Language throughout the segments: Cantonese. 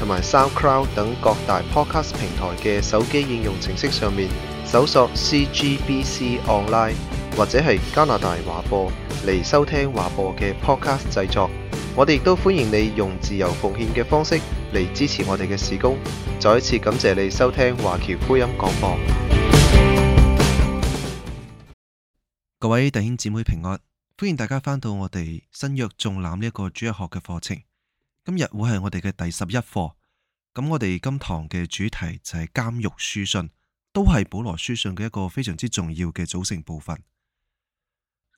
同埋 SoundCloud 等各大 Podcast 平台嘅手機應用程式上面搜索 CGBC Online 或者係加拿大華播嚟收聽華播嘅 Podcast 製作。我哋亦都歡迎你用自由奉獻嘅方式嚟支持我哋嘅事工。再一次感謝你收聽華僑福音廣播。各位弟兄姊妹平安，歡迎大家翻到我哋新約綜覽呢一個主日學嘅課程。今日會係我哋嘅第十一課。咁我哋今堂嘅主題就係監獄書信，都係保羅書信嘅一個非常之重要嘅組成部分。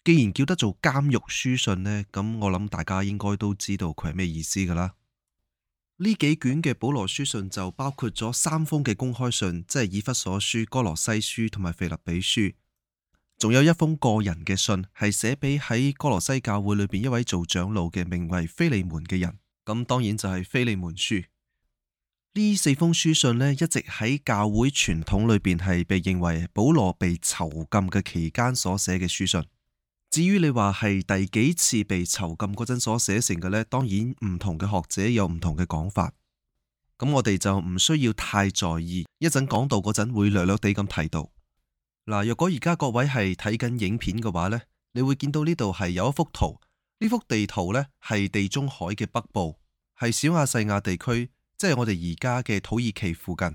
既然叫得做監獄書信呢，咁我諗大家應該都知道佢係咩意思噶啦。呢幾卷嘅保羅書信就包括咗三封嘅公開信，即係以弗所書、哥羅西書同埋腓立比書，仲有一封個人嘅信，係寫俾喺哥羅西教會裏邊一位做長老嘅，名為腓利門嘅人。咁當然就係腓利門書。呢四封書信呢，一直喺教會傳統裏邊係被認為保羅被囚禁嘅期間所寫嘅書信。至於你話係第幾次被囚禁嗰陣所寫成嘅呢，當然唔同嘅學者有唔同嘅講法，咁我哋就唔需要太在意。一陣講道嗰陣會略略地咁提到嗱。若果而家各位係睇緊影片嘅話呢，你會見到呢度係有一幅圖，呢幅地圖呢，係地中海嘅北部，係小亞細亞地區。即係我哋而家嘅土耳其附近，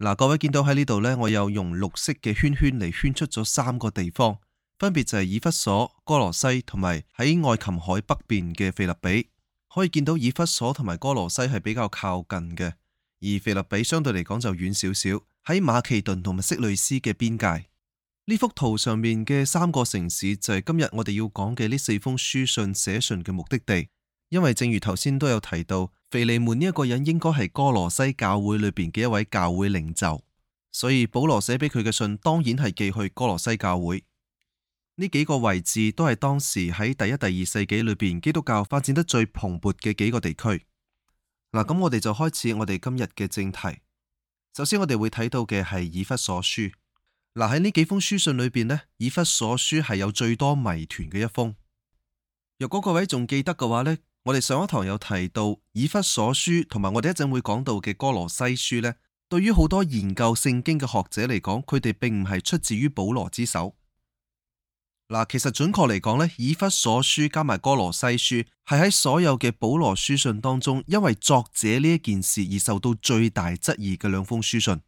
嗱、啊，各位見到喺呢度呢，我有用綠色嘅圈圈嚟圈出咗三個地方，分別就係以弗所、哥羅西同埋喺愛琴海北邊嘅腓立比。可以見到以弗所同埋哥羅西係比較靠近嘅，而腓立比相對嚟講就遠少少，喺馬其頓同埋色雷斯嘅邊界。呢幅圖上面嘅三個城市就係今日我哋要講嘅呢四封書信寫信嘅目的地，因為正如頭先都有提到。腓利門呢一個人應該係哥羅西教會裏邊嘅一位教會領袖，所以保羅寫俾佢嘅信當然係寄去哥羅西教會。呢幾個位置都係當時喺第一、第二世紀裏邊基督教發展得最蓬勃嘅幾個地區。嗱，咁我哋就開始我哋今日嘅正題。首先我哋會睇到嘅係以弗所書。嗱，喺呢幾封書信裏邊呢，《以弗所書》係有最多謎團嘅一封。若果各位仲記得嘅話呢。我哋上一堂有提到《以弗所書》同埋我哋一陣會講到嘅《哥羅西書》呢，對於好多研究聖經嘅學者嚟講，佢哋並唔係出自於保羅之手。嗱，其實準確嚟講呢，《以弗所書》加埋《哥羅西書》，係喺所有嘅保羅書信當中，因為作者呢一件事而受到最大質疑嘅兩封書信。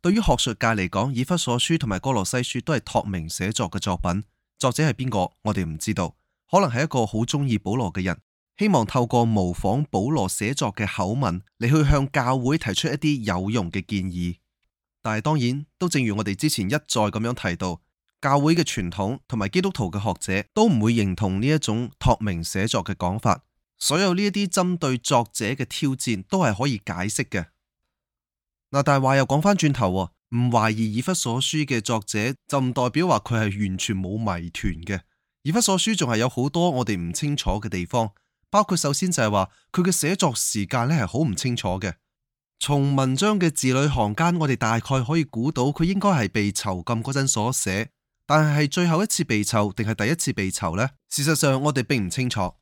對於學術界嚟講，《以弗所書》同埋《哥羅西書》都係託名寫作嘅作品，作者係邊個？我哋唔知道，可能係一個好中意保羅嘅人。希望透過模仿保羅寫作嘅口吻，你去向教會提出一啲有用嘅建議。但係當然都正如我哋之前一再咁樣提到，教會嘅傳統同埋基督徒嘅學者都唔會認同呢一種託名寫作嘅講法。所有呢一啲針對作者嘅挑戰都係可以解釋嘅。嗱，但係話又講返轉頭，唔懷疑以弗所書嘅作者就唔代表話佢係完全冇謎團嘅。以弗所書仲係有好多我哋唔清楚嘅地方。包括首先就係話佢嘅寫作時間咧係好唔清楚嘅，從文章嘅字裏行間，我哋大概可以估到佢應該係被囚禁嗰陣所寫，但係最後一次被囚定係第一次被囚呢？事實上，我哋並唔清楚。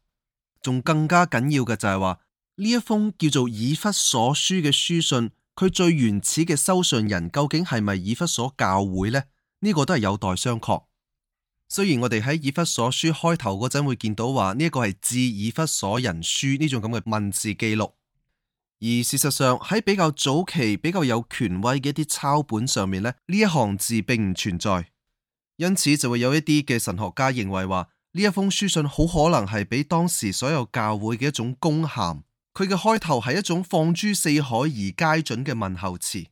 仲更加緊要嘅就係話呢一封叫做以弗所書嘅書信，佢最原始嘅收信人究竟係咪以弗所教會呢？呢、呢個都係有待商榷。雖然我哋喺《以弗所書》開頭嗰陣會見到話呢一個係致以弗所人書呢種咁嘅文字記錄，而事實上喺比較早期、比較有權威嘅一啲抄本上面呢，呢一行字並唔存在，因此就會有一啲嘅神學家認為話呢一封書信好可能係俾當時所有教會嘅一種公函，佢嘅開頭係一種放諸四海而皆準嘅問候詞。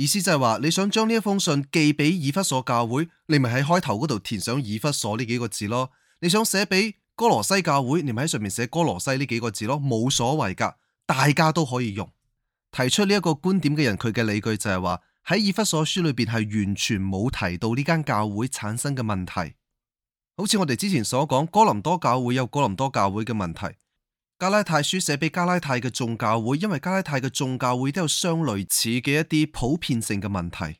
意思就係話你想將呢一封信寄俾以弗所教會，你咪喺開頭嗰度填上以弗所呢幾個字咯。你想寫俾哥羅西教會，你咪喺上面寫哥羅西呢幾個字咯，冇所謂噶，大家都可以用。提出呢一個觀點嘅人，佢嘅理據就係話，喺《以弗所書》裏邊係完全冇提到呢間教會產生嘅問題，好似我哋之前所講，哥林多教會有哥林多教會嘅問題。加拉太書寫俾加拉太嘅眾教會，因為加拉太嘅眾教會都有相類似嘅一啲普遍性嘅問題。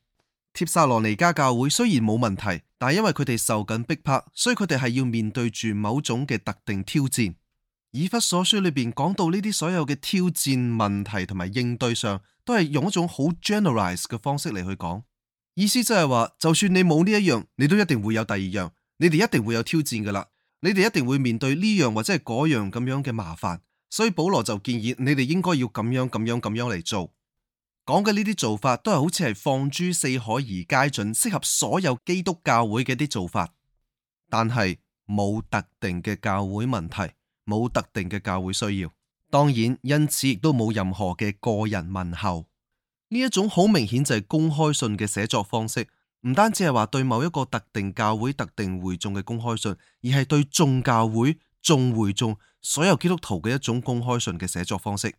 帖撒羅尼迦教會雖然冇問題，但係因為佢哋受緊逼迫，所以佢哋係要面對住某種嘅特定挑戰。以弗所書裏邊講到呢啲所有嘅挑戰問題同埋應對上，都係用一種好 generalize 嘅方式嚟去講，意思即係話，就算你冇呢一樣，你都一定會有第二樣，你哋一定會有挑戰㗎喇。你哋一定會面對呢樣或者係嗰樣咁樣嘅麻煩，所以保羅就建議你哋應該要咁樣咁樣咁樣嚟做。講嘅呢啲做法都係好似係放諸四海而皆準，適合所有基督教會嘅啲做法，但係冇特定嘅教會問題，冇特定嘅教會需要，當然因此亦都冇任何嘅個人問候。呢一種好明顯就係公開信嘅寫作方式。唔單止係話對某一個特定教會、特定會眾嘅公開信，而係對眾教會、眾會眾所有基督徒嘅一種公開信嘅寫作方式。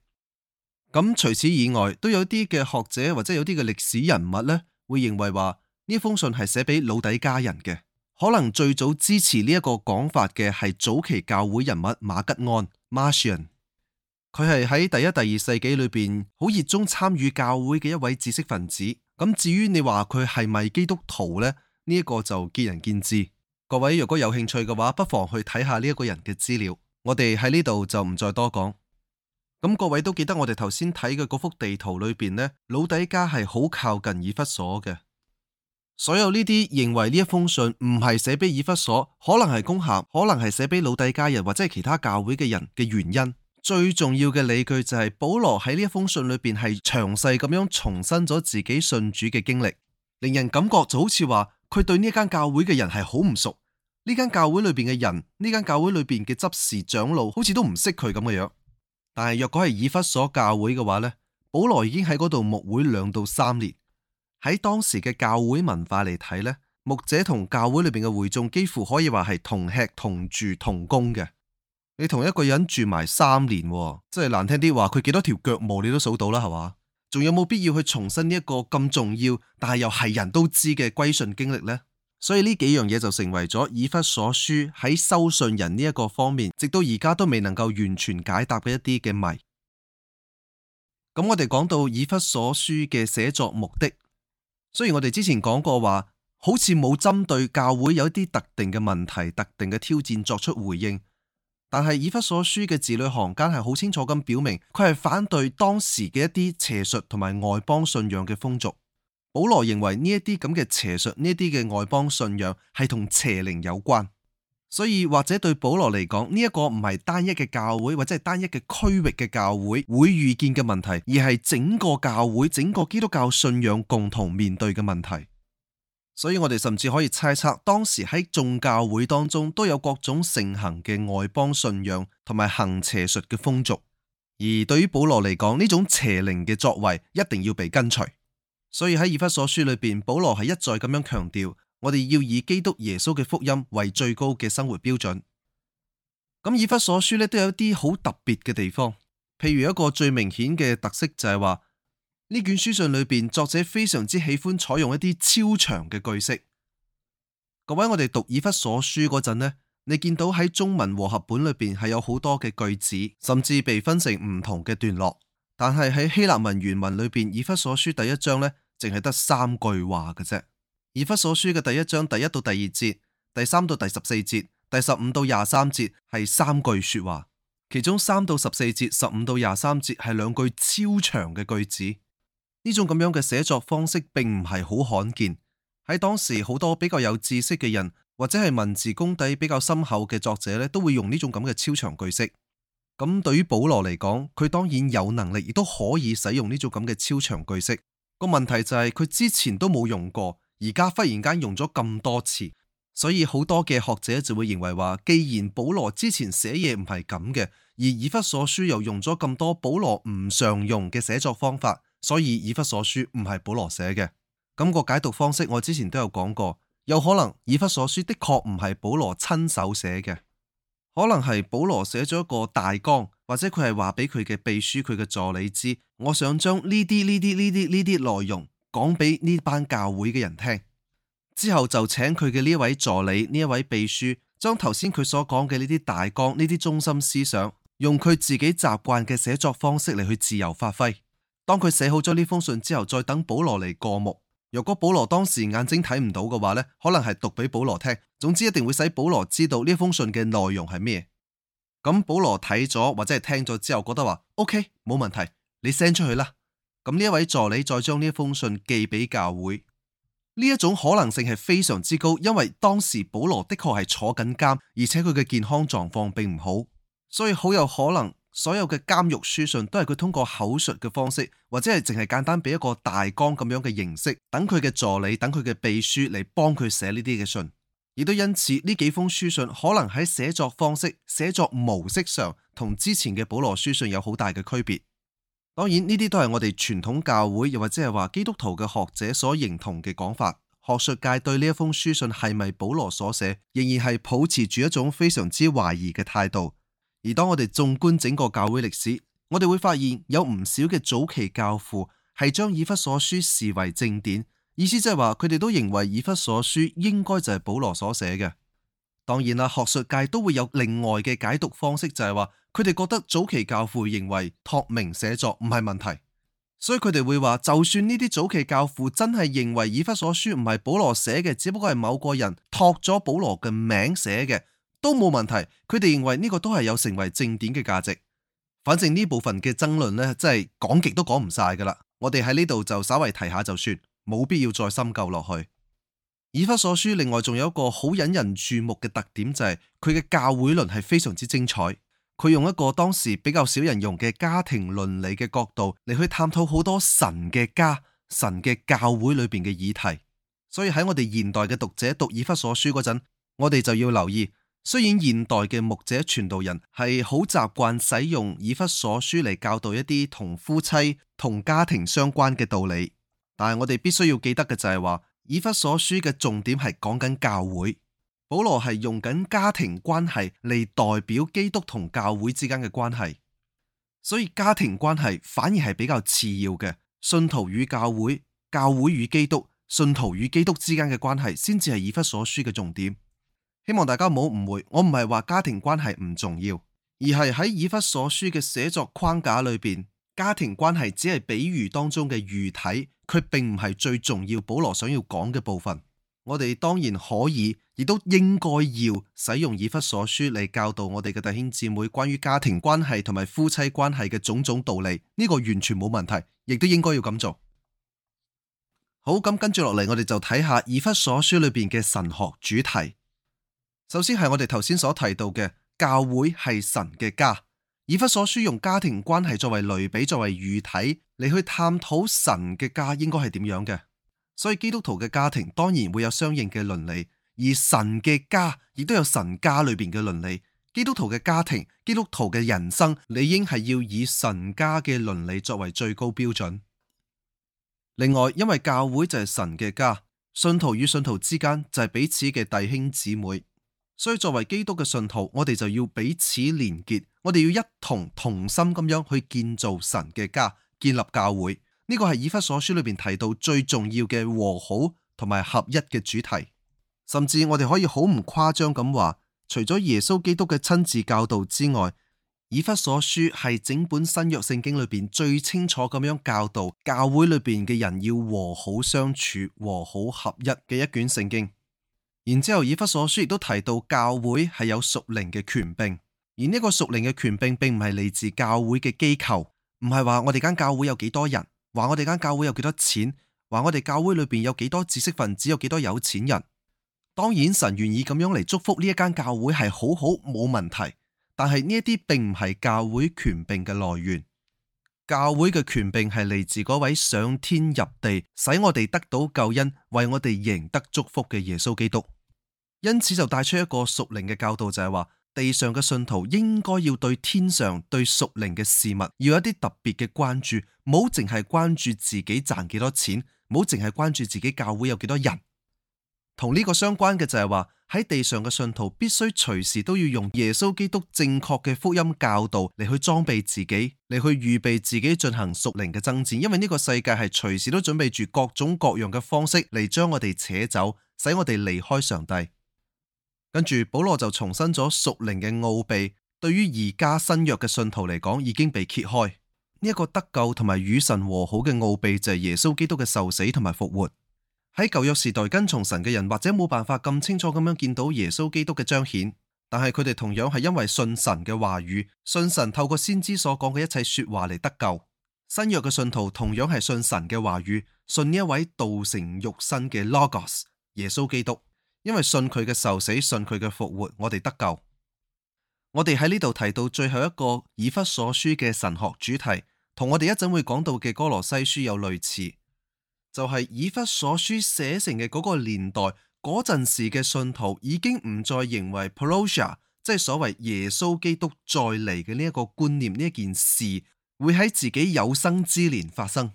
咁除此以外，都有啲嘅學者或者有啲嘅歷史人物呢，會認為話呢封信係寫俾老底加人嘅。可能最早支持呢一個講法嘅係早期教會人物馬吉安 （Marcion）。佢係喺第一、第二世紀裏邊好熱衷參與教會嘅一位知識分子。咁至於你話佢係咪基督徒呢？呢一個就見仁見智。各位如果有興趣嘅話，不妨去睇下呢一個人嘅資料。我哋喺呢度就唔再多講。咁各位都記得我哋頭先睇嘅嗰幅地圖裏邊呢，老底嘉係好靠近以弗所嘅。所有呢啲認為呢一封信唔係寫俾以弗所，可能係公函，可能係寫俾老底嘉人或者係其他教會嘅人嘅原因。最重要嘅理據就係保羅喺呢一封信裏邊係詳細咁樣重申咗自己信主嘅經歷，令人感覺就好似話佢對呢一間教會嘅人係好唔熟，呢間教會裏邊嘅人，呢間教會裏邊嘅執事長老好似都唔識佢咁嘅樣。但係若果係以弗所教會嘅話呢，保羅已經喺嗰度牧會兩到三年。喺當時嘅教會文化嚟睇呢，牧者同教會裏邊嘅會眾幾乎可以話係同吃同住同工嘅。你同一個人住埋三年，真係難聽啲話，佢幾多條腳毛你都數到啦，係嘛？仲有冇必要去重申呢一個咁重要，但係又係人都知嘅歸順經歷呢？所以呢幾樣嘢就成為咗以弗所書喺收信人呢一個方面，直到而家都未能夠完全解答嘅一啲嘅謎。咁我哋講到以弗所書嘅寫作目的，雖然我哋之前講過話，好似冇針對教會有一啲特定嘅問題、特定嘅挑戰作出回應。但係以弗所書嘅字裏行間係好清楚咁表明，佢係反對當時嘅一啲邪術同埋外邦信仰嘅風俗。保羅認為呢一啲咁嘅邪術，呢一啲嘅外邦信仰係同邪靈有關，所以，或者對保羅嚟講，呢一個唔係單一嘅教會，或者係單一嘅區域嘅教會會遇見嘅問題，而係整個教會、整個基督教信仰共同面對嘅問題。所以我哋甚至可以猜測，當時喺眾教會當中都有各種盛行嘅外邦信仰同埋行邪術嘅風俗。而對於保羅嚟講，呢種邪靈嘅作為一定要被根除。所以喺以弗所書裏邊，保羅係一再咁樣強調，我哋要以基督耶穌嘅福音為最高嘅生活標準。咁以弗所書咧都有一啲好特別嘅地方，譬如一個最明顯嘅特色就係話。呢卷書信裏邊，作者非常之喜歡採用一啲超長嘅句式。各位，我哋讀以弗所書嗰陣呢，你見到喺中文和合本裏邊係有好多嘅句子，甚至被分成唔同嘅段落。但係喺希臘文原文裏邊，以弗所書第一章呢，淨係得三句話嘅啫。以弗所書嘅第一章第一到第二節、第三到第十四節、第十五到廿三節係三句說話，其中三到十四節、十五到廿三節係兩句超長嘅句子。呢種咁樣嘅寫作方式並唔係好罕見，喺當時好多比較有知識嘅人或者係文字功底比較深厚嘅作者咧，都會用呢種咁嘅超長句式。咁對於保羅嚟講，佢當然有能力亦都可以使用呢種咁嘅超長句式。個問題就係佢之前都冇用過，而家忽然間用咗咁多次，所以好多嘅學者就會認為話，既然保羅之前寫嘢唔係咁嘅，而以弗所書又用咗咁多保羅唔常用嘅寫作方法。所以以弗所書唔係保羅寫嘅，咁、那個解讀方式我之前都有講過，有可能以弗所書的確唔係保羅親手寫嘅，可能係保羅寫咗一個大綱，或者佢係話俾佢嘅秘書、佢嘅助理知，我想將呢啲呢啲呢啲呢啲內容講俾呢班教會嘅人聽，之後就請佢嘅呢位助理、呢位秘書，將頭先佢所講嘅呢啲大綱、呢啲中心思想，用佢自己習慣嘅寫作方式嚟去自由發揮。當佢寫好咗呢封信之後，再等保羅嚟過目。若果保羅當時眼睛睇唔到嘅話呢，可能係讀俾保羅聽。總之一定會使保羅知道呢封信嘅內容係咩。咁、嗯、保羅睇咗或者係聽咗之後，覺得話 OK，冇問題，你 send 出去啦。咁、嗯、呢位助理再將呢封信寄俾教會。呢一種可能性係非常之高，因為當時保羅的確係坐緊監，而且佢嘅健康狀況並唔好，所以好有可能。所有嘅監獄書信都係佢通過口述嘅方式，或者係淨係簡單俾一個大綱咁樣嘅形式，等佢嘅助理，等佢嘅秘書嚟幫佢寫呢啲嘅信，亦都因此呢幾封書信可能喺寫作方式、寫作模式上同之前嘅保羅書信有好大嘅區別。當然呢啲都係我哋傳統教會又或者係話基督徒嘅學者所認同嘅講法。學術界對呢一封書信係咪保羅所寫，仍然係抱持住一種非常之懷疑嘅態度。而當我哋縱觀整個教會歷史，我哋會發現有唔少嘅早期教父係將以弗所書視為正典，意思即係話佢哋都認為以弗所書應該就係保羅所寫嘅。當然啦，學術界都會有另外嘅解讀方式就，就係話佢哋覺得早期教父認為託名寫作唔係問題，所以佢哋會話就算呢啲早期教父真係認為以弗所書唔係保羅寫嘅，只不過係某個人託咗保羅嘅名寫嘅，都冇問題，佢哋認為呢個都係有成為正典嘅價值。反正呢部分嘅爭論呢，真係講極都講唔晒噶啦。我哋喺呢度就稍微提下就算，冇必要再深究落去。以弗所書另外仲有一個好引人注目嘅特點，就是，就係佢嘅教會論係非常之精彩。佢用一個當時比較少人用嘅家庭倫理嘅角度嚟去探討好多神嘅家、神嘅教會裏邊嘅議題。所以喺我哋現代嘅讀者讀以弗所書嗰陣，我哋就要留意。雖然現代嘅牧者傳道人係好習慣使用以弗所書嚟教導一啲同夫妻、同家庭相關嘅道理，但係我哋必須要記得嘅就係話，以弗所書嘅重點係講緊教會。保羅係用緊家庭關係嚟代表基督同教會之間嘅關係，所以家庭關係反而係比較次要嘅。信徒與教會、教會與基督、信徒與基督之間嘅關係，先至係以弗所書嘅重點。希望大家唔好誤會，我唔係話家庭關係唔重要，而係喺以弗所書嘅寫作框架裏邊，家庭關係只係比喻當中嘅喻體，佢並唔係最重要。保羅想要講嘅部分，我哋當然可以，亦都應該要使用以弗所書嚟教導我哋嘅弟兄姊妹關於家庭關係同埋夫妻關係嘅種種道理。呢個完全冇問題，亦都應該要咁做。好，咁跟住落嚟，我哋就睇下以弗所書裏邊嘅神學主題。首先係我哋頭先所提到嘅教會係神嘅家，以弗所書用家庭關係作為類比，作為喻體，你去探討神嘅家應該係點樣嘅。所以基督徒嘅家庭當然會有相應嘅倫理，而神嘅家亦都有神家裏邊嘅倫理。基督徒嘅家庭、基督徒嘅人生，理應係要以神家嘅倫理作為最高標準。另外，因為教會就係神嘅家，信徒與信徒之間就係彼此嘅弟兄姊妹。所以作為基督嘅信徒，我哋就要彼此連結，我哋要一同同心咁樣去建造神嘅家，建立教會。呢個係以弗所書裏邊提到最重要嘅和好同埋合一嘅主題。甚至我哋可以好唔誇張咁話，除咗耶穌基督嘅親自教導之外，以弗所書係整本新約聖經裏邊最清楚咁樣教導教會裏邊嘅人要和好相處、和好合一嘅一卷聖經。然之後，以弗所書亦都提到教會係有屬靈嘅權柄，而呢個屬靈嘅權柄並唔係嚟自教會嘅機構，唔係話我哋間教會有幾多人，話我哋間教會有幾多錢，話我哋教會裏邊有幾多知識分子，有幾多有錢人。當然神願意咁樣嚟祝福呢一間教會係好好冇問題，但係呢一啲並唔係教會權柄嘅來源。教會嘅權柄係嚟自嗰位上天入地，使我哋得到救恩，為我哋贏得祝福嘅耶穌基督。因此就帶出一個屬靈嘅教導，就係話地上嘅信徒應該要對天上、對屬靈嘅事物，要有一啲特別嘅關注，唔好淨係關注自己賺幾多錢，唔好淨係關注自己教會有幾多人。同呢個相關嘅就係話喺地上嘅信徒必須隨時都要用耶穌基督正確嘅福音教導嚟去裝備自己，嚟去預備自己進行屬靈嘅征戰，因為呢個世界係隨時都準備住各種各樣嘅方式嚟將我哋扯走，使我哋離開上帝。跟住保羅就重申咗屬靈嘅奧秘，對於而家新約嘅信徒嚟講，已經被揭開呢一個得救同埋與神和好嘅奧秘就係耶穌基督嘅受死同埋復活。喺舊約時代跟從神嘅人，或者冇辦法咁清楚咁樣見到耶穌基督嘅彰顯，但係佢哋同樣係因為信神嘅話語，信神透過先知所講嘅一切說話嚟得救。新約嘅信徒同樣係信神嘅話語，信呢一位道成肉身嘅 Logos 耶穌基督，因為信佢嘅受死，信佢嘅復活，我哋得救。我哋喺呢度提到最後一個以弗所書嘅神學主題，同我哋一陣會講到嘅哥羅西書有類似。就係以弗所書寫成嘅嗰個年代，嗰陣時嘅信徒已經唔再認為 Parousia，即係所謂耶穌基督再嚟嘅呢一個觀念，呢一件事會喺自己有生之年發生。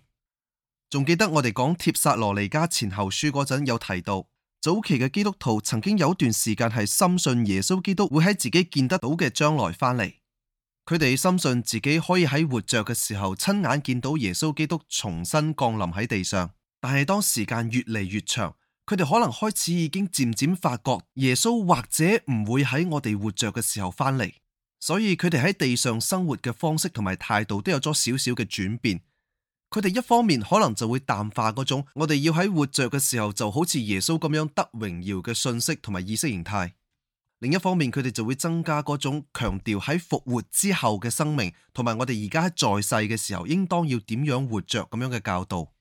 仲記得我哋講帖撒羅尼加前後書嗰陣有提到，早期嘅基督徒曾經有段時間係深信耶穌基督會喺自己見得到嘅將來翻嚟，佢哋深信自己可以喺活着嘅時候親眼見到耶穌基督重新降臨喺地上。但係，當時間越嚟越長，佢哋可能開始已經漸漸發覺，耶穌或者唔會喺我哋活着嘅時候翻嚟，所以佢哋喺地上生活嘅方式同埋態度都有咗少少嘅轉變。佢哋一方面可能就會淡化嗰種我哋要喺活着嘅時候就好似耶穌咁樣得榮耀嘅信息同埋意識形態；另一方面，佢哋就會增加嗰種強調喺復活之後嘅生命，同埋我哋而家喺在世嘅時候應當要點樣活着咁樣嘅教導。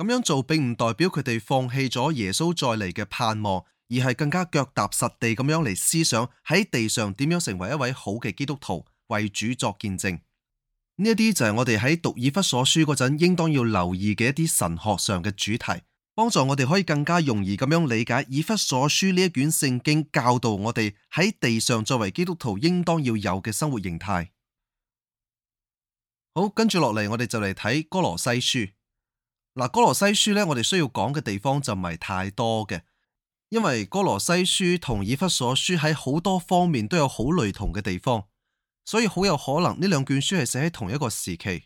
咁樣做，並唔代表佢哋放棄咗耶穌再嚟嘅盼望，而係更加腳踏實地咁樣嚟思想喺地上點樣成為一位好嘅基督徒，為主作見證。呢一啲就係我哋喺讀以弗所書嗰陣，應當要留意嘅一啲神學上嘅主題，幫助我哋可以更加容易咁樣理解以弗所書呢一卷聖經教導我哋喺地上作為基督徒應當要有嘅生活形態。好，跟住落嚟，我哋就嚟睇哥羅西書。嗱，《哥羅西書》咧，我哋需要講嘅地方就唔係太多嘅，因為《哥羅西書》同《以弗所書》喺好多方面都有好雷同嘅地方，所以好有可能呢兩卷書係寫喺同一個時期。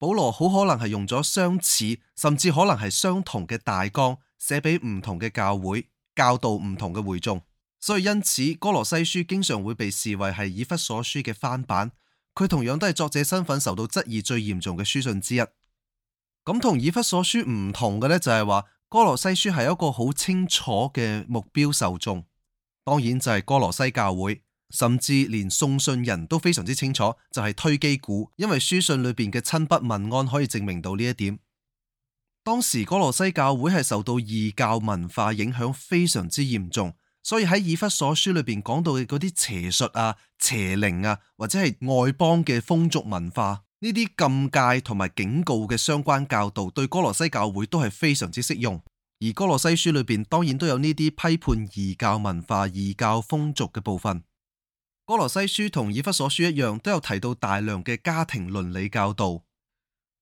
保羅好可能係用咗相似，甚至可能係相同嘅大綱，寫俾唔同嘅教會，教導唔同嘅會眾。所以因此，《哥羅西書》經常會被視為係《以弗所書》嘅翻版。佢同樣都係作者身份受到質疑最嚴重嘅書信之一。咁同以弗所書唔同嘅呢，就係話哥羅西書係一個好清楚嘅目標受眾，當然就係哥羅西教會，甚至連送信人都非常之清楚，就係、是、推基古，因為書信裏邊嘅親筆問安可以證明到呢一點。當時哥羅西教會係受到異教文化影響非常之嚴重，所以喺以弗所書裏邊講到嘅嗰啲邪術啊、邪靈啊，或者係外邦嘅風俗文化。呢啲禁戒同埋警告嘅相關教導，對哥羅西教會都係非常之適用。而哥羅西書裏邊當然都有呢啲批判異教文化、異教風俗嘅部分。哥羅西書同以弗所書一樣，都有提到大量嘅家庭倫理教導。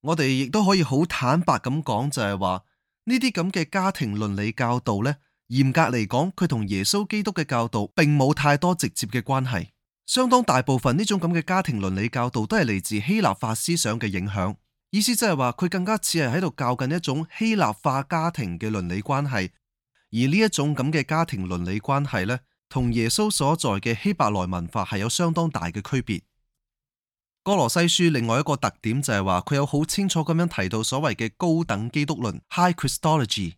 我哋亦都可以好坦白咁講，就係話呢啲咁嘅家庭倫理教導呢，嚴格嚟講，佢同耶穌基督嘅教導並冇太多直接嘅關係。相當大部分呢種咁嘅家庭倫理教導都係嚟自希臘化思想嘅影響，意思即係話佢更加似係喺度教緊一種希臘化家庭嘅倫理關係，而呢一種咁嘅家庭倫理關係呢，同耶穌所在嘅希伯來文化係有相當大嘅區別。哥羅西書另外一個特點就係話佢有好清楚咁樣提到所謂嘅高等基督論 （High Christology）。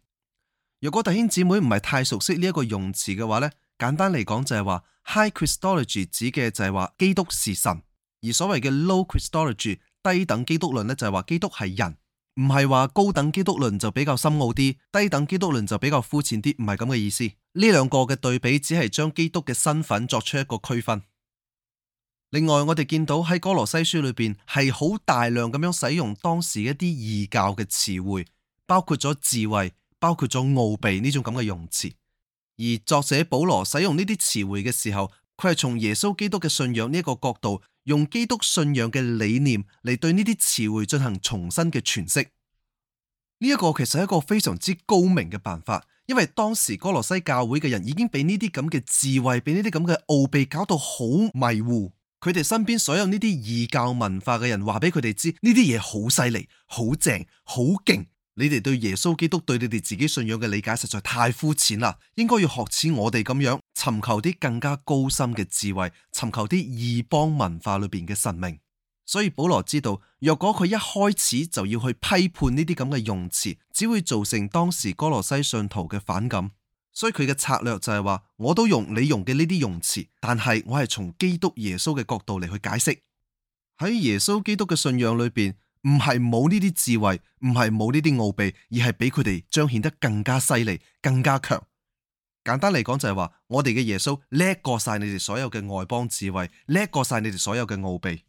如果弟兄姊妹唔係太熟悉呢一個用詞嘅話呢，簡單嚟講就係話。High Christology 指嘅就係話基督是神，而所謂嘅 Low Christology 低等基督論咧就係話基督係人，唔係話高等基督論就比較深奧啲，低等基督論就比較膚淺啲，唔係咁嘅意思。呢兩個嘅對比只係將基督嘅身份作出一個區分。另外，我哋見到喺《哥羅西書》裏邊係好大量咁樣使用當時一啲異教嘅詞彙，包括咗智慧，包括咗奧秘呢種咁嘅用詞。而作者保羅使用呢啲詞彙嘅時候，佢係從耶穌基督嘅信仰呢一個角度，用基督信仰嘅理念嚟對呢啲詞彙進行重新嘅詮釋。呢一個其實係一個非常之高明嘅辦法，因為當時哥羅西教會嘅人已經俾呢啲咁嘅智慧，俾呢啲咁嘅奧秘搞到好迷糊。佢哋身邊所有呢啲異教文化嘅人話俾佢哋知，呢啲嘢好犀利，好正，好勁。你哋對耶穌基督對你哋自己信仰嘅理解實在太膚淺啦，應該要學似我哋咁樣，尋求啲更加高深嘅智慧，尋求啲異邦文化裏邊嘅神明。所以保羅知道，若果佢一開始就要去批判呢啲咁嘅用詞，只會造成當時哥羅西信徒嘅反感。所以佢嘅策略就係話，我都用你用嘅呢啲用詞，但係我係從基督耶穌嘅角度嚟去解釋。喺耶穌基督嘅信仰裏邊。唔係冇呢啲智慧，唔係冇呢啲奧秘，而係畀佢哋彰顯得更加犀利、更加強。簡單嚟講就係話，我哋嘅耶穌叻過晒你哋所有嘅外邦智慧，叻過晒你哋所有嘅奧秘。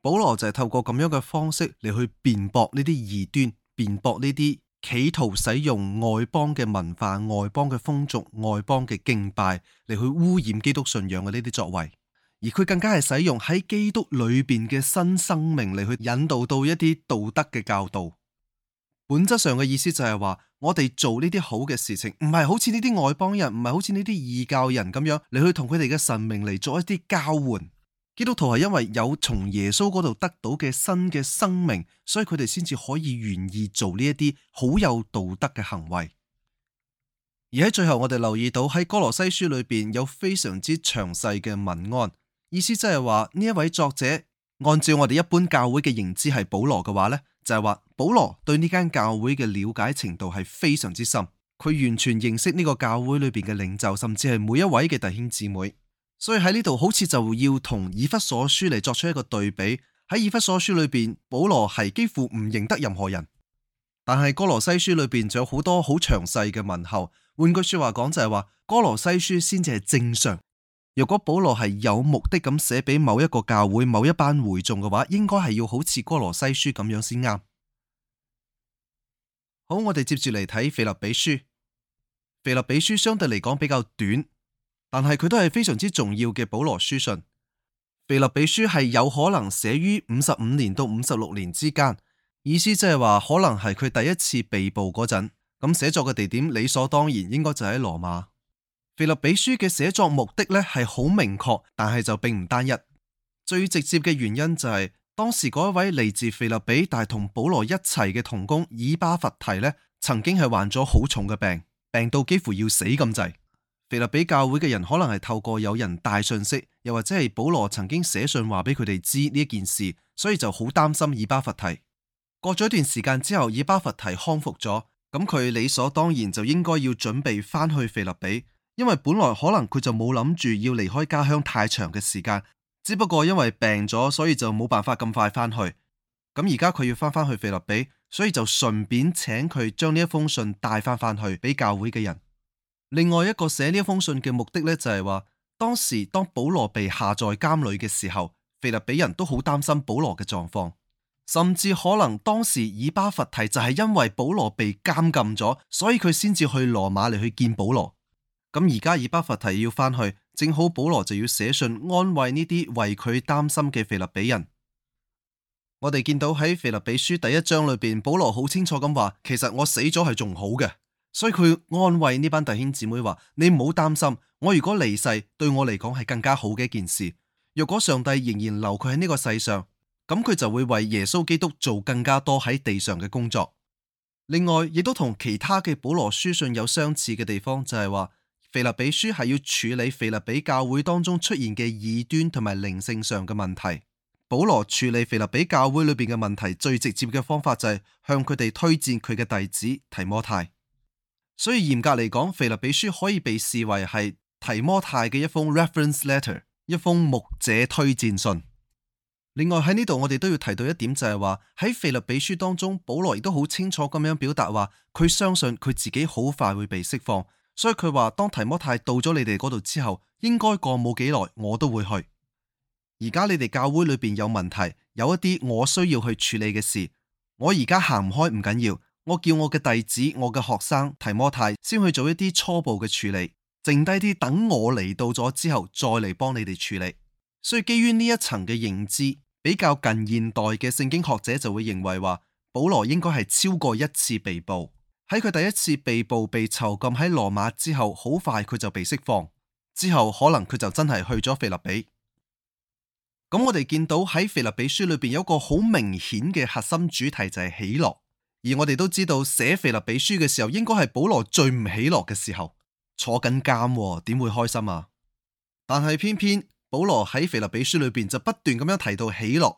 保羅就係透過咁樣嘅方式嚟去辯駁呢啲異端，辯駁呢啲企圖使用外邦嘅文化、外邦嘅風俗、外邦嘅敬拜嚟去污染基督信仰嘅呢啲作為。而佢更加係使用喺基督裏邊嘅新生命嚟去引導到一啲道德嘅教導，本質上嘅意思就係話，我哋做呢啲好嘅事情，唔係好似呢啲外邦人，唔係好似呢啲異教人咁樣你去同佢哋嘅神明嚟做一啲交換。基督徒係因為有從耶穌嗰度得到嘅新嘅生命，所以佢哋先至可以願意做呢一啲好有道德嘅行為。而喺最後，我哋留意到喺哥羅西書裏邊有非常之詳細嘅文案。意思即係話呢一位作者按照我哋一般教會嘅認知係保羅嘅話呢，就係話保羅對呢間教會嘅了解程度係非常之深，佢完全認識呢個教會裏邊嘅領袖，甚至係每一位嘅弟兄姊妹。所以喺呢度好似就要同以弗所書嚟作出一個對比。喺以弗所書裏邊，保羅係幾乎唔認得任何人，但係哥羅西書裏邊仲有好多好詳細嘅問候。換句說話講就係話哥羅西書先至係正常。如果保羅係有目的咁寫俾某一個教會、某一班會眾嘅話，應該係要好似哥羅西書咁樣先啱。好，我哋接住嚟睇腓立比書。腓立比書相對嚟講比較短，但係佢都係非常之重要嘅保羅書信。腓立比書係有可能寫於五十五年到五十六年之間，意思即係話可能係佢第一次被捕嗰陣，咁寫作嘅地點理所當然應該就喺羅馬。腓立比書嘅寫作目的咧係好明確，但係就並唔單一。最直接嘅原因就係、是、當時嗰一位嚟自腓立比，但係同保羅一齊嘅同工以巴弗提呢，曾經係患咗好重嘅病，病到幾乎要死咁滯。腓立比教會嘅人可能係透過有人帶信息，又或者係保羅曾經寫信話俾佢哋知呢一件事，所以就好擔心以巴弗提。過咗一段時間之後，以巴弗提康復咗，咁佢理所當然就應該要準備返去腓立比。因為本來可能佢就冇諗住要離開家鄉太長嘅時間，只不過因為病咗，所以就冇辦法咁快翻去。咁而家佢要翻翻去腓立比，所以就順便請佢將呢一封信帶翻翻去俾教會嘅人。另外一個寫呢一封信嘅目的咧，就係話當時當保羅被下在監裏嘅時候，腓立比人都好擔心保羅嘅狀況，甚至可能當時以巴佛提就係因為保羅被監禁咗，所以佢先至去羅馬嚟去見保羅。咁而家以巴弗提要翻去，正好保羅就要寫信安慰呢啲為佢擔心嘅腓立比人。我哋見到喺腓立比書第一章裏邊，保羅好清楚咁話，其實我死咗係仲好嘅，所以佢安慰呢班弟兄姊妹話：你唔好擔心，我如果離世，對我嚟講係更加好嘅一件事。若果上帝仍然留佢喺呢個世上，咁佢就會為耶穌基督做更加多喺地上嘅工作。另外，亦都同其他嘅保羅書信有相似嘅地方就，就係話。腓立比書係要處理腓立比教會當中出現嘅異端同埋靈性上嘅問題。保羅處理腓立比教會裏邊嘅問題最直接嘅方法就係向佢哋推薦佢嘅弟子提摩太。所以嚴格嚟講，腓立比書可以被視為係提摩太嘅一封 reference letter，一封牧者推薦信。另外喺呢度我哋都要提到一點就係話喺腓立比書當中，保羅亦都好清楚咁樣表達話佢相信佢自己好快會被釋放。所以佢話，當提摩太到咗你哋嗰度之後，應該過冇幾耐，我都會去。而家你哋教會裏邊有問題，有一啲我需要去處理嘅事，我而家行唔開，唔緊要，我叫我嘅弟子，我嘅學生提摩太先去做一啲初步嘅處理，剩低啲等我嚟到咗之後再嚟幫你哋處理。所以基於呢一層嘅認知，比較近現代嘅聖經學者就會認為話，保羅應該係超過一次被捕。喺佢第一次被捕被囚禁喺羅馬之後，好快佢就被釋放。之後可能佢就真係去咗腓立比。咁我哋見到喺腓立比書裏邊有一個好明顯嘅核心主題就係喜樂。而我哋都知道寫腓立比書嘅時候，應該係保羅最唔喜樂嘅時候，坐緊監，啊，點會開心啊？但係偏偏保羅喺腓立比書裏邊就不斷咁樣提到喜樂，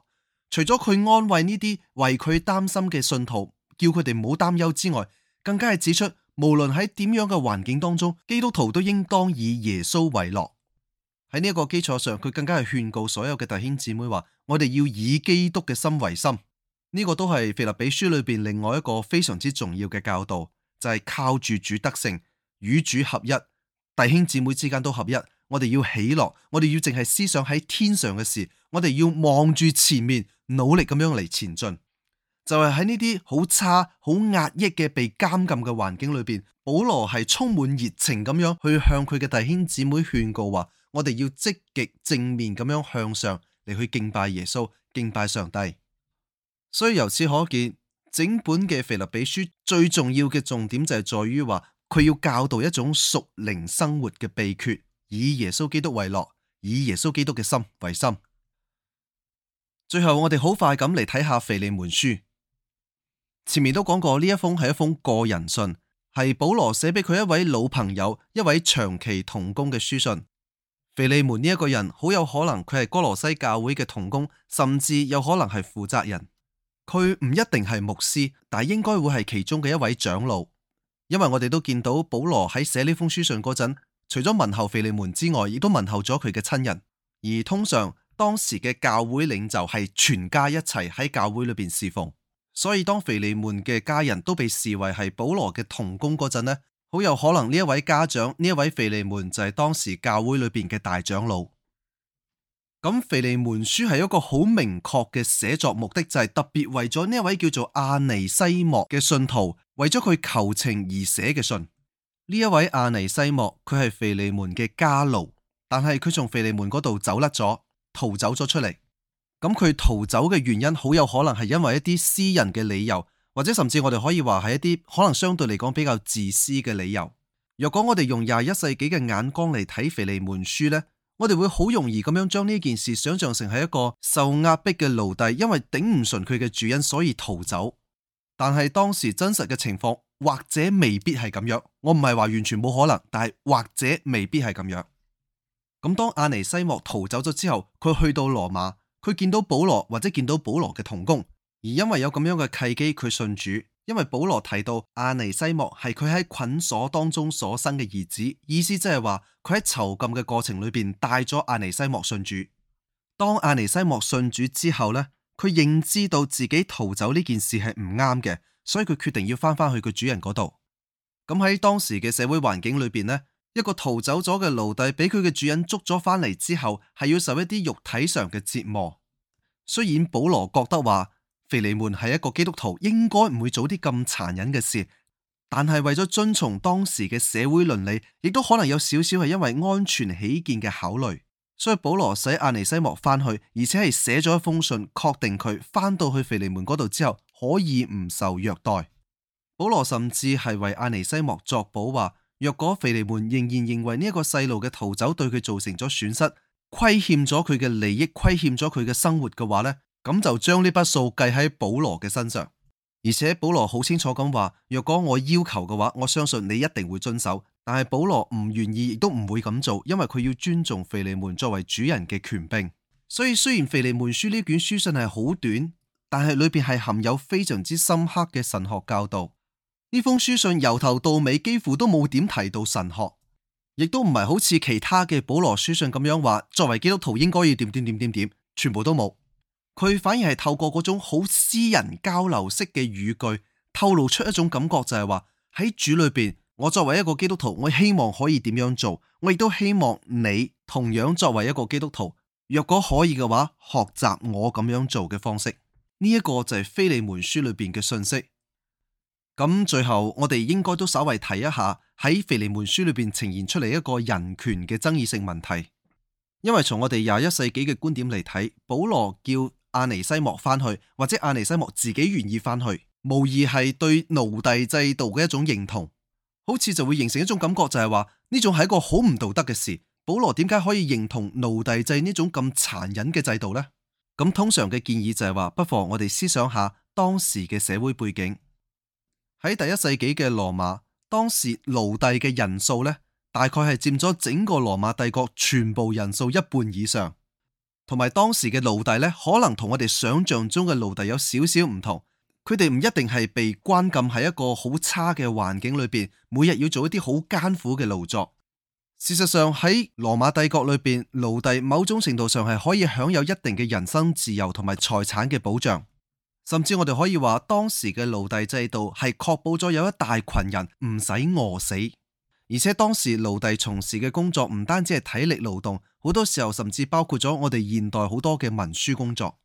除咗佢安慰呢啲為佢擔心嘅信徒，叫佢哋唔好擔憂之外，更加係指出，無論喺點樣嘅環境當中，基督徒都應當以耶穌為樂。喺呢一個基礎上，佢更加係勸告所有嘅弟兄姊妹話：我哋要以基督嘅心為心。呢個都係腓立比書裏邊另外一個非常之重要嘅教導，就係靠住主得勝，與主合一，弟兄姊妹之間都合一。我哋要喜樂，我哋要淨係思想喺天上嘅事，我哋要望住前面，努力咁樣嚟前進。就係喺呢啲好差、好壓抑嘅被監禁嘅環境裏邊，保羅係充滿熱情咁樣去向佢嘅弟兄姊妹勸告話：我哋要積極正面咁樣向上嚟，去敬拜耶穌、敬拜上帝。所以由此可見，整本嘅腓立比書最重要嘅重點就係在於話佢要教導一種屬靈生活嘅秘訣，以耶穌基督為樂，以耶穌基督嘅心為心。最後，我哋好快咁嚟睇下腓利門書。前面都講過呢一封係一封個人信，係保羅寫俾佢一位老朋友，一位長期同工嘅書信。腓利門呢一個人好有可能佢係哥羅西教會嘅同工，甚至有可能係負責人。佢唔一定係牧師，但係應該會係其中嘅一位長老，因為我哋都見到保羅喺寫呢封書信嗰陣，除咗問候腓利門之外，亦都問候咗佢嘅親人。而通常當時嘅教會領袖係全家一齊喺教會裏邊侍奉。所以當腓利門嘅家人都被視為係保羅嘅同工嗰陣呢，好有可能呢一位家長呢，一位腓利門就係當時教會裏邊嘅大長老。咁腓利門書係一個好明確嘅寫作目的，就係、是、特別為咗呢一位叫做阿尼西莫嘅信徒，為咗佢求情而寫嘅信。呢一位阿尼西莫，佢係腓利門嘅家奴，但係佢從腓利門嗰度走甩咗，逃走咗出嚟。咁佢逃走嘅原因，好有可能係因為一啲私人嘅理由，或者甚至我哋可以話係一啲可能相對嚟講比較自私嘅理由。若果我哋用廿一世紀嘅眼光嚟睇《腓利門書》呢，我哋會好容易咁樣將呢件事想象成係一個受壓迫嘅奴隸，因為頂唔順佢嘅主人，所以逃走。但係當時真實嘅情況，或者未必係咁樣。我唔係話完全冇可能，但係或者未必係咁樣。咁當阿尼西莫逃走咗之後，佢去到羅馬。佢見到保羅或者見到保羅嘅同工，而因為有咁樣嘅契機，佢信主。因為保羅提到阿尼西莫係佢喺捆鎖當中所生嘅兒子，意思即係話佢喺囚禁嘅過程裏邊帶咗阿尼西莫信主。當阿尼西莫信主之後呢，佢認知道自己逃走呢件事係唔啱嘅，所以佢決定要翻翻去佢主人嗰度。咁喺當時嘅社會環境裏邊呢。一個逃走咗嘅奴隸俾佢嘅主人捉咗翻嚟之後，係要受一啲肉體上嘅折磨。雖然保羅覺得話腓利門係一個基督徒，應該唔會做啲咁殘忍嘅事，但係為咗遵從當時嘅社會倫理，亦都可能有少少係因為安全起見嘅考慮，所以保羅使阿尼西莫翻去，而且係寫咗一封信，確定佢翻到去腓利門嗰度之後可以唔受虐待。保羅甚至係為阿尼西莫作保話。若果腓利門仍然認為呢一個細路嘅逃走對佢造成咗損失、虧欠咗佢嘅利益、虧欠咗佢嘅生活嘅話呢咁就將呢筆數計喺保羅嘅身上。而且保羅好清楚咁話：若果我要求嘅話，我相信你一定會遵守。但係保羅唔願意，亦都唔會咁做，因為佢要尊重腓利門作為主人嘅權柄。所以雖然腓利門書呢卷書信係好短，但係裏邊係含有非常之深刻嘅神學教導。呢封書信由頭到尾幾乎都冇點提到神學，亦都唔係好似其他嘅保羅書信咁樣話，作為基督徒應該要點點點點點，全部都冇。佢反而係透過嗰種好私人交流式嘅語句，透露出一種感覺就，就係話喺主裏邊，我作為一個基督徒，我希望可以點樣做，我亦都希望你同樣作為一個基督徒，若果可以嘅話，學習我咁樣做嘅方式。呢、這、一個就係腓利門書裏邊嘅信息。咁最後，我哋應該都稍微提一下喺《腓尼門書》裏邊呈現出嚟一個人權嘅爭議性問題。因為從我哋廿一世紀嘅觀點嚟睇，保羅叫阿尼西莫翻去，或者阿尼西莫自己願意翻去，無疑係對奴隸制度嘅一種認同，好似就會形成一種感覺就，就係話呢種係一個好唔道德嘅事。保羅點解可以認同奴隸制呢種咁殘忍嘅制度呢？咁通常嘅建議就係話，不妨我哋思想下當時嘅社會背景。喺第一世紀嘅羅馬，當時奴隸嘅人數咧，大概係佔咗整個羅馬帝國全部人數一半以上。同埋當時嘅奴隸咧，可能同我哋想象中嘅奴隸有少少唔同，佢哋唔一定係被關禁喺一個好差嘅環境裏邊，每日要做一啲好艱苦嘅勞作。事實上喺羅馬帝國裏邊，奴隸某種程度上係可以享有一定嘅人身自由同埋財產嘅保障。甚至我哋可以話，當時嘅奴隸制度係確保咗有一大群人唔使餓死，而且當時奴隸從事嘅工作唔單止係體力勞動，好多時候甚至包括咗我哋現代好多嘅文書工作，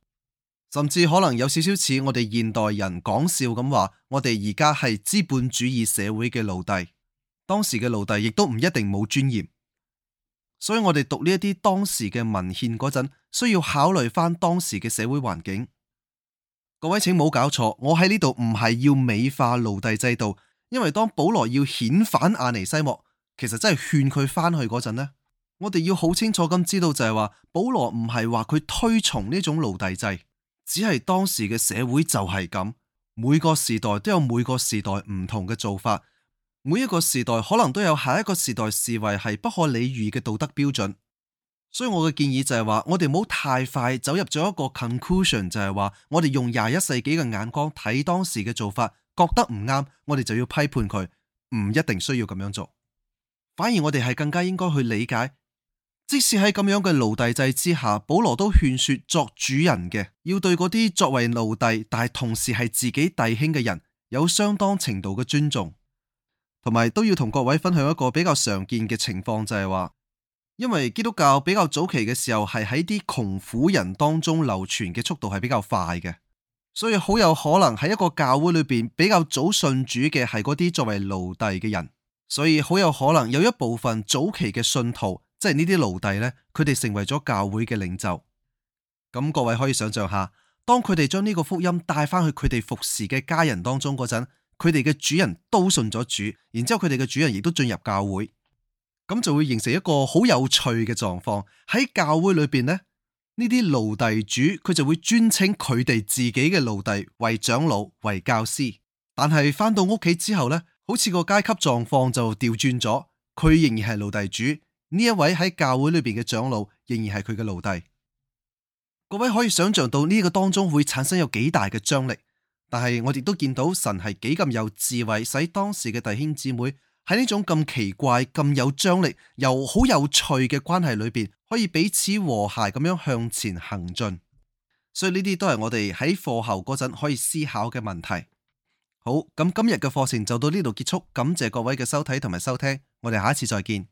甚至可能有少少似我哋現代人講笑咁話，我哋而家係資本主義社會嘅奴隸，當時嘅奴隸亦都唔一定冇尊嚴，所以我哋讀呢一啲當時嘅文獻嗰陣，需要考慮翻當時嘅社會環境。各位請冇搞錯，我喺呢度唔係要美化奴隸制度，因為當保羅要遣返阿尼西莫，其實真係勸佢翻去嗰陣呢。我哋要好清楚咁知道就係話保羅唔係話佢推崇呢種奴隸制，只係當時嘅社會就係咁，每個時代都有每個時代唔同嘅做法，每一個時代可能都有下一個時代視為係不可理喻嘅道德標準。所以我嘅建議就係話，我哋唔好太快走入咗一個 conclusion，就係話我哋用廿一世紀嘅眼光睇當時嘅做法，覺得唔啱，我哋就要批判佢，唔一定需要咁樣做。反而我哋係更加應該去理解，即使喺咁樣嘅奴隸制之下，保羅都勸說作主人嘅要對嗰啲作為奴隸但係同時係自己弟兄嘅人有相當程度嘅尊重，同埋都要同各位分享一個比較常見嘅情況，就係話。因為基督教比較早期嘅時候係喺啲窮苦人當中流傳嘅速度係比較快嘅，所以好有可能喺一個教會裏邊比較早信主嘅，係嗰啲作為奴隸嘅人，所以好有可能有一部分早期嘅信徒即係呢啲奴隸呢，佢哋成為咗教會嘅領袖。咁各位可以想象下，當佢哋將呢個福音帶翻去佢哋服侍嘅家人當中嗰陣，佢哋嘅主人都信咗主，然之後佢哋嘅主人亦都進入教會。咁就會形成一個好有趣嘅狀況，喺教會裏邊呢，呢啲奴隸主佢就會尊稱佢哋自己嘅奴隸為長老、為教師，但係翻到屋企之後呢，好似個階級狀況就調轉咗，佢仍然係奴隸主，呢一位喺教會裏邊嘅長老仍然係佢嘅奴隸。各位可以想象到呢個當中會產生有幾大嘅張力，但係我哋都見到神係幾咁有智慧，使當時嘅弟兄姊妹。喺呢種咁奇怪、咁有張力、又好有趣嘅關係裏邊，可以彼此和諧咁樣向前行進。所以呢啲都係我哋喺課後嗰陣可以思考嘅問題。好，咁今日嘅課程就到呢度結束，感謝各位嘅收睇同埋收聽，我哋下一次再見。